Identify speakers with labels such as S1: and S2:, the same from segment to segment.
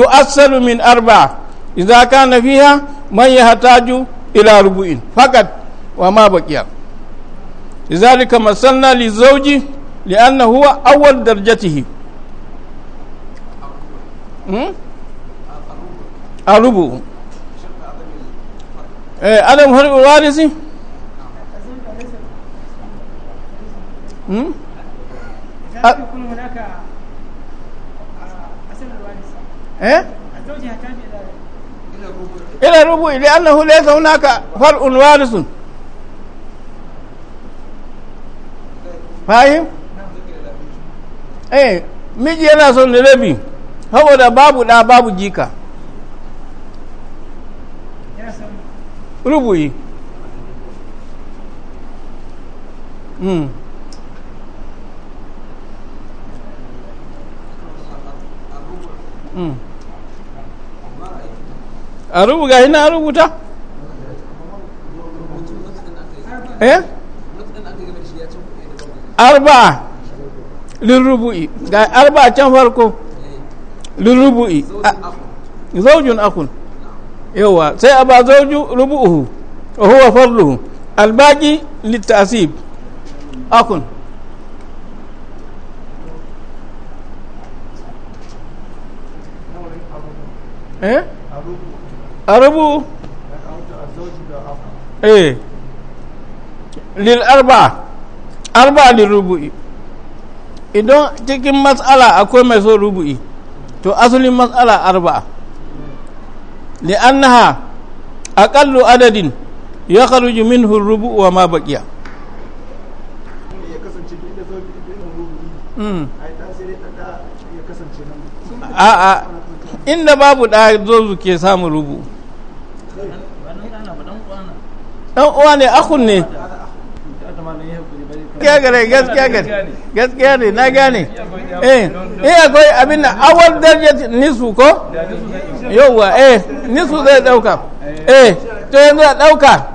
S1: تؤصل من أربعة إذا كان فيها من يحتاج إلى ربع فقط وما بقي لذلك مثلنا للزوج لأنه هو أول درجته الربع ألم هل الوارث هناك eh ila rubu ila annahu laysa hunaka far'un warisun fahim eh yana son babu babu rubuyi a rubuga shi na rubuta eh arba'a lirrubu'i ga arba'a can farko lirrubu'i zaujun akun yawa sai a ba zauju rubu'uhu a huwa farluhu albaki littasib akun eh rabu eh lil arba arba lil rubu'i idan cikin mas'ala akwai mai so rubu'i to asalin mas'ala arba annaha aqallu adadin ya kharuju minhu rubu wa ma baqiya
S2: hmm. a'a
S1: inda babu da zo ke samun rubu' dan uwa ne akun ne gaskiya gare gaskiya ne na gane eh eh akwai abin da awal darja nisu ko yauwa eh nisu zai dauka eh to yanzu a dauka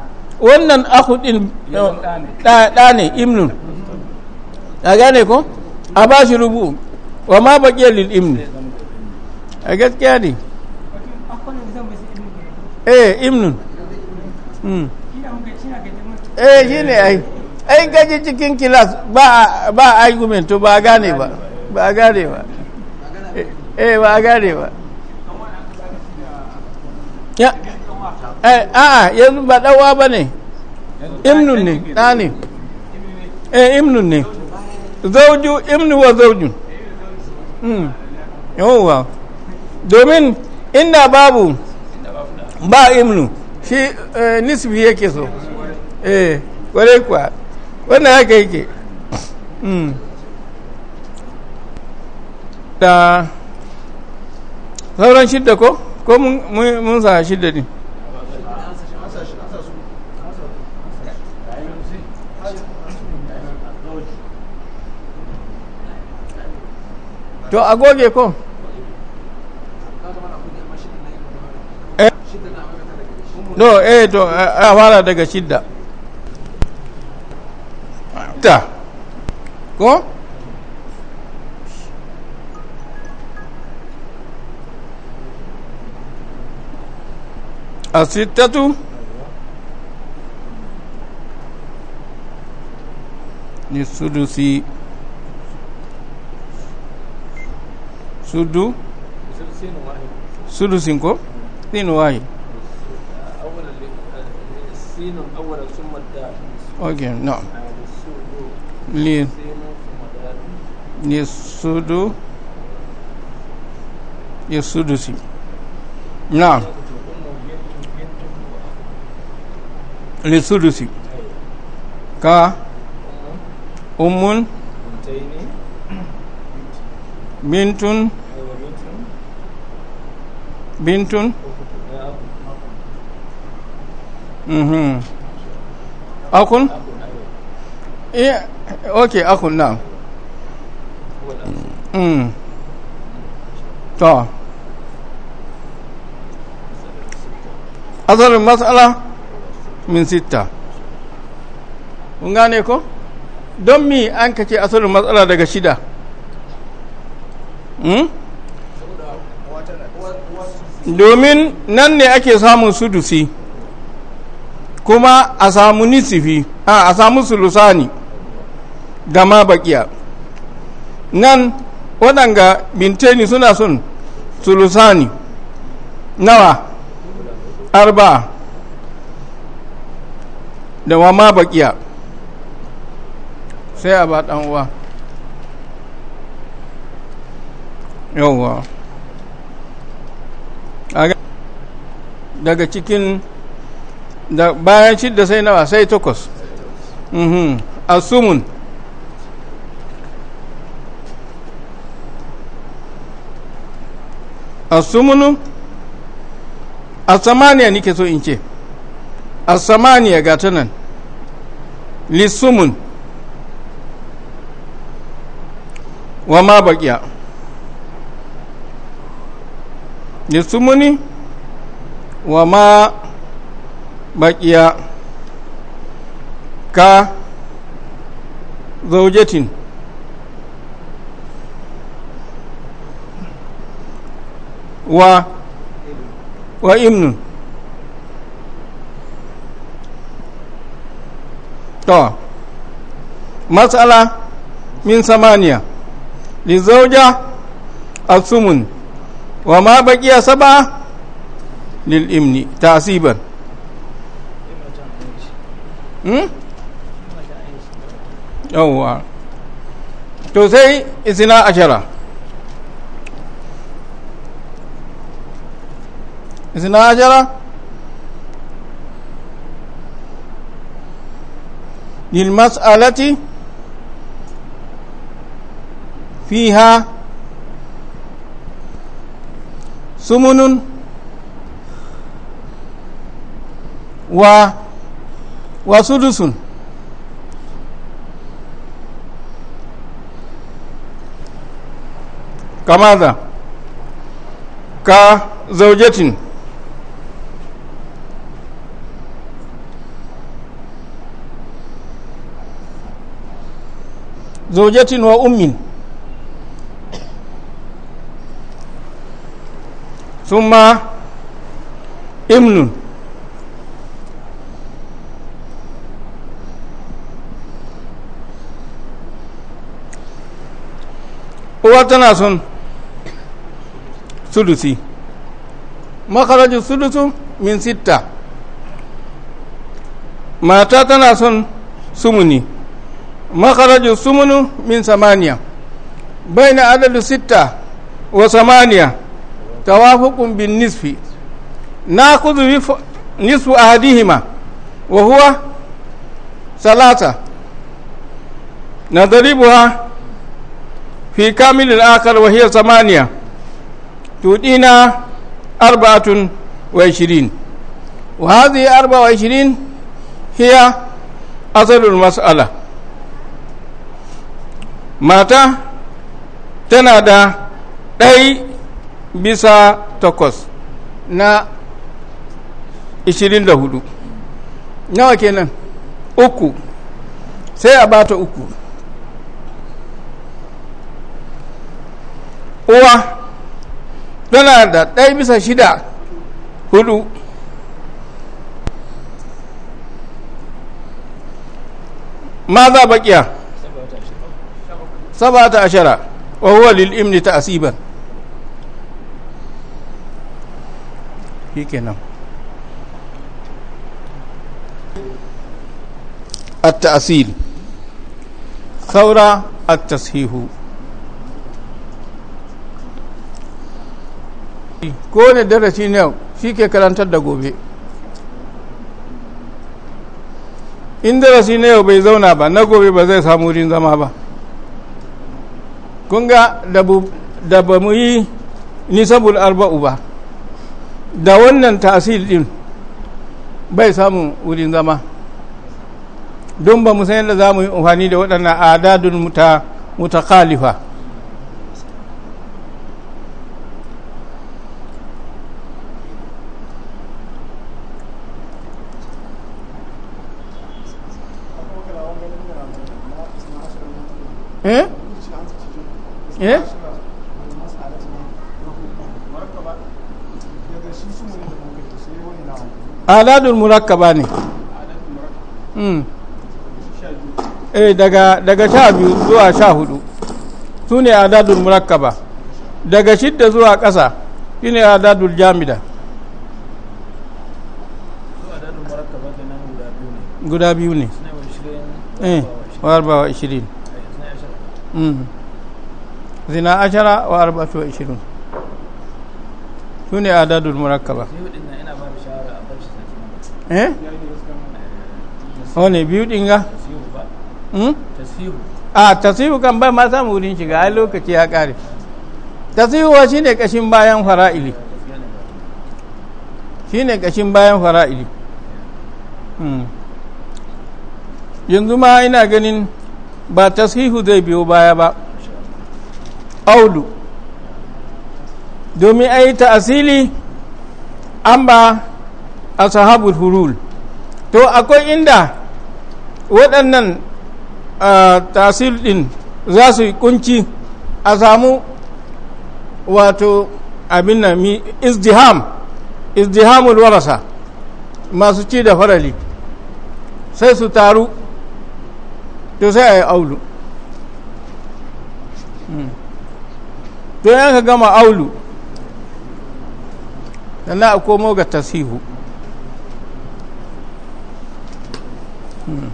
S1: wannan aku din da ne imnun a gane ko a ba shi rubu wa ma baqiya lil imnu a gaskiya ne eh imnun hmm. eh shi ne ai ai gaji cikin kilas ba argument ba gane ba ba gane ba eh, eh ba gane ba ya eh, a yanzu ba ba ne imnun ne ɗa eh imnun ne zauju imnu wa zaujun hmm. domin inda babu ba imnu shi eh, nisbi yake so eh kwarai kuwa wannan haka yake hmm. da sauran shidda ko ko mun sa shidda ne to a goge ko eh. no eh to a fara daga shidda halitta ko asittatu ni sudu sudusin ko sinu wahid أولا سين أولا ok no li yasudu yasudu si na lisudu si ka umun bintun bintun mhm mm mm-hmm. akun eh okay akun na mm to azarin matsala min sitta kun gane ko don mi an ka ce asalin matsala daga shida domin nan ne ake samun sudusi kuma a samu nisifi a samu sulusani gama bakiya nan waɗanga binteni suna sun sulusani nawa arba da wama bakiya sai a ba ɗan'uwa yauwa daga cikin da bayan shidda sai nawa sai takwas mhm. asumun asumunu asamaniya nike so in ce asamaniya ga ta nan lissumun wa ma baƙiya lissumuni wa ma بقيا كا زوجة و وابن تو مسألة من ثمانية لزوجة الثمن وما بقي سبعة للابن تعسيبا Hmm? Oh, wow. to say sai isina ashara Is isina ashara للمسألة فيها سمن و wa sudusun kamaza ka zaujatin zaujatin wa ummin summa imnun uwa tana sun sudusi makarajin sudusu min sitta mata tana sun sumuni makarajin sumunu min samaniya bai na adadu sitta wa samaniya ta tawafukun bin nisfi na kudu a hadihima wa huwa salata na daribu ha fi kamilin akar wa samaniya tudina arba'atun wa ishirin wa hadhihi arba wa ishirin hiya asalul mas'ala mata tana da ɗai bisa takwas na ishirin da hudu nawa kenan uku sai a bata uku uwa tana da ɗaya bisa shida hudu za baƙiya sabata ashara wa huwa lil imni ta'siban shikenan at-ta'sil saura at-tashihu ko wani darasi ne shi ke karantar da gobe in darasi na yau bai zauna ba na gobe ba zai samu wurin zama ba kunga da ba mu yi nisabul arba'u ba da wannan tasir din bai samu wurin zama don ba mu san yadda za mu yi amfani da waɗannan adadun mutakalifa
S2: Eh? Eh?
S1: aladul murakkaba ne hmm. eh daga daga sha biyu zuwa sha hudu su ne adadul murakkaba daga shidda zuwa kasa shi ne adadul jamida guda biyu ne eh warbawa ishirin Mm. zina ashara wa arba'atu wa ishirin sune ne adadul murakkaba
S2: eh, eh wane biyu ga hmm? a tasihu
S1: kan ba ma samu wurin shiga a lokaci ya kare tasihuwa wa shine kashin bayan fara'ili shi ne kashin bayan fara'ili hmm. yanzu ma ina ganin ba tasihu zai biyo baya ba aulu domin a yi ta'asili an ba a sahabul hurul to akwai inda waɗannan ta'asil ɗin za su yi kunci a samu wato abin na mi izdiham izdihamul warasa masu ci da farali sai su taru to sai a yi aulu hmm. to yanka gama aulu sannan a komo ga tasihu hmm.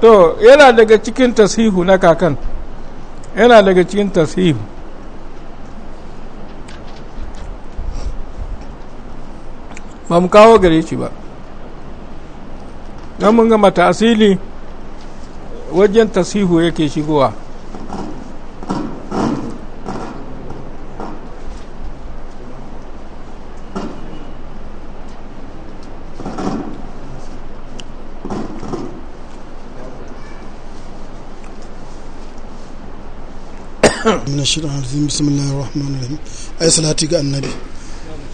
S1: to yana daga cikin tasihu na kakan yana daga cikin tasihu ba mu kawo gare shi ba don mun gama asili wajen tasihu yake shigowa
S2: من الشيطان الرجيم بسم الله الرحمن الرحيم أي صلاتي النبي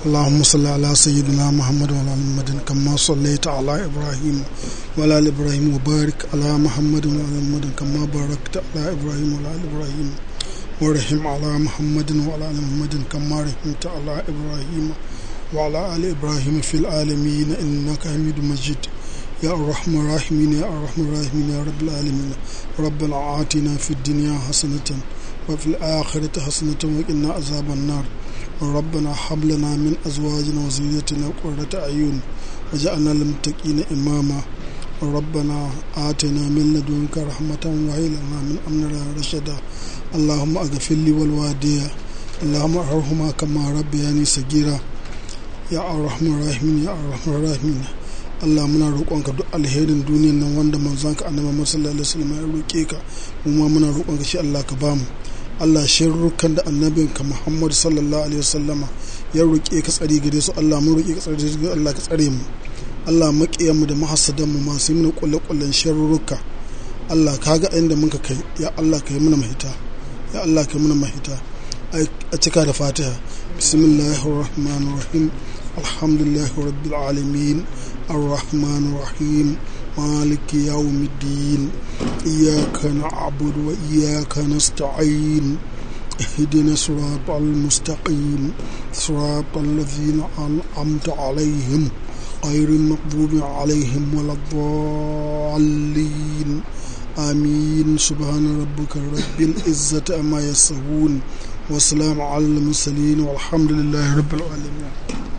S2: اللهم صل على سيدنا محمد وعلى محمد كما صليت على إبراهيم وعلى آل إبراهيم وبارك على محمد وعلى محمد كما باركت على إبراهيم وعلى آل إبراهيم ورحم على محمد وعلى آل محمد كما رحمت على إبراهيم وعلى آل إبراهيم في العالمين إنك حميد مجيد يا الرحمن الرحيم يا الرحمن الرحيم يا رب العالمين ربنا آتنا في الدنيا حسنة وفي الآخرة حسنة وقنا عذاب النار ربنا حبلنا من أزواجنا وزيتنا قرة أعين وجعلنا للمتقين إماما ربنا آتنا من لدنك رحمة وهي لنا من أمرنا رشدا اللهم أغفر لي والوادية اللهم أرهما كما ربياني سجيرا يا الرحمن الرحيم يا الرحمن الرحيم Allah muna roƙonka duk alherin duniyan nan wanda manzanka annabi Muhammad sallallahu alaihi wasallam ya roƙe ka mu ma muna roƙonka shi Allah ka bamu Allah shirrukan da annabinka Muhammad sallallahu alaihi wasallama ya roƙe ka tsare gare su Allah mun roƙe ka tsare gare Allah ka tsare mu Allah maƙiyan mu da mahassadan mu masu mun mana kullakullan shirruka Allah kaga inda muka kai ya Allah ka yi mana mahita ya Allah ka yi mana mahita a cika da Fatiha bismillahir rahmanir rahim alhamdulillahi rabbil alamin arrahmanir rahim مالك يوم الدين إياك نعبد وإياك نستعين اهدنا صراط المستقيم صراط الذين أنعمت عليهم غير المغضوب عليهم ولا الضالين آمين سبحان ربك رب العزة أما يصفون وسلام على المرسلين والحمد لله رب العالمين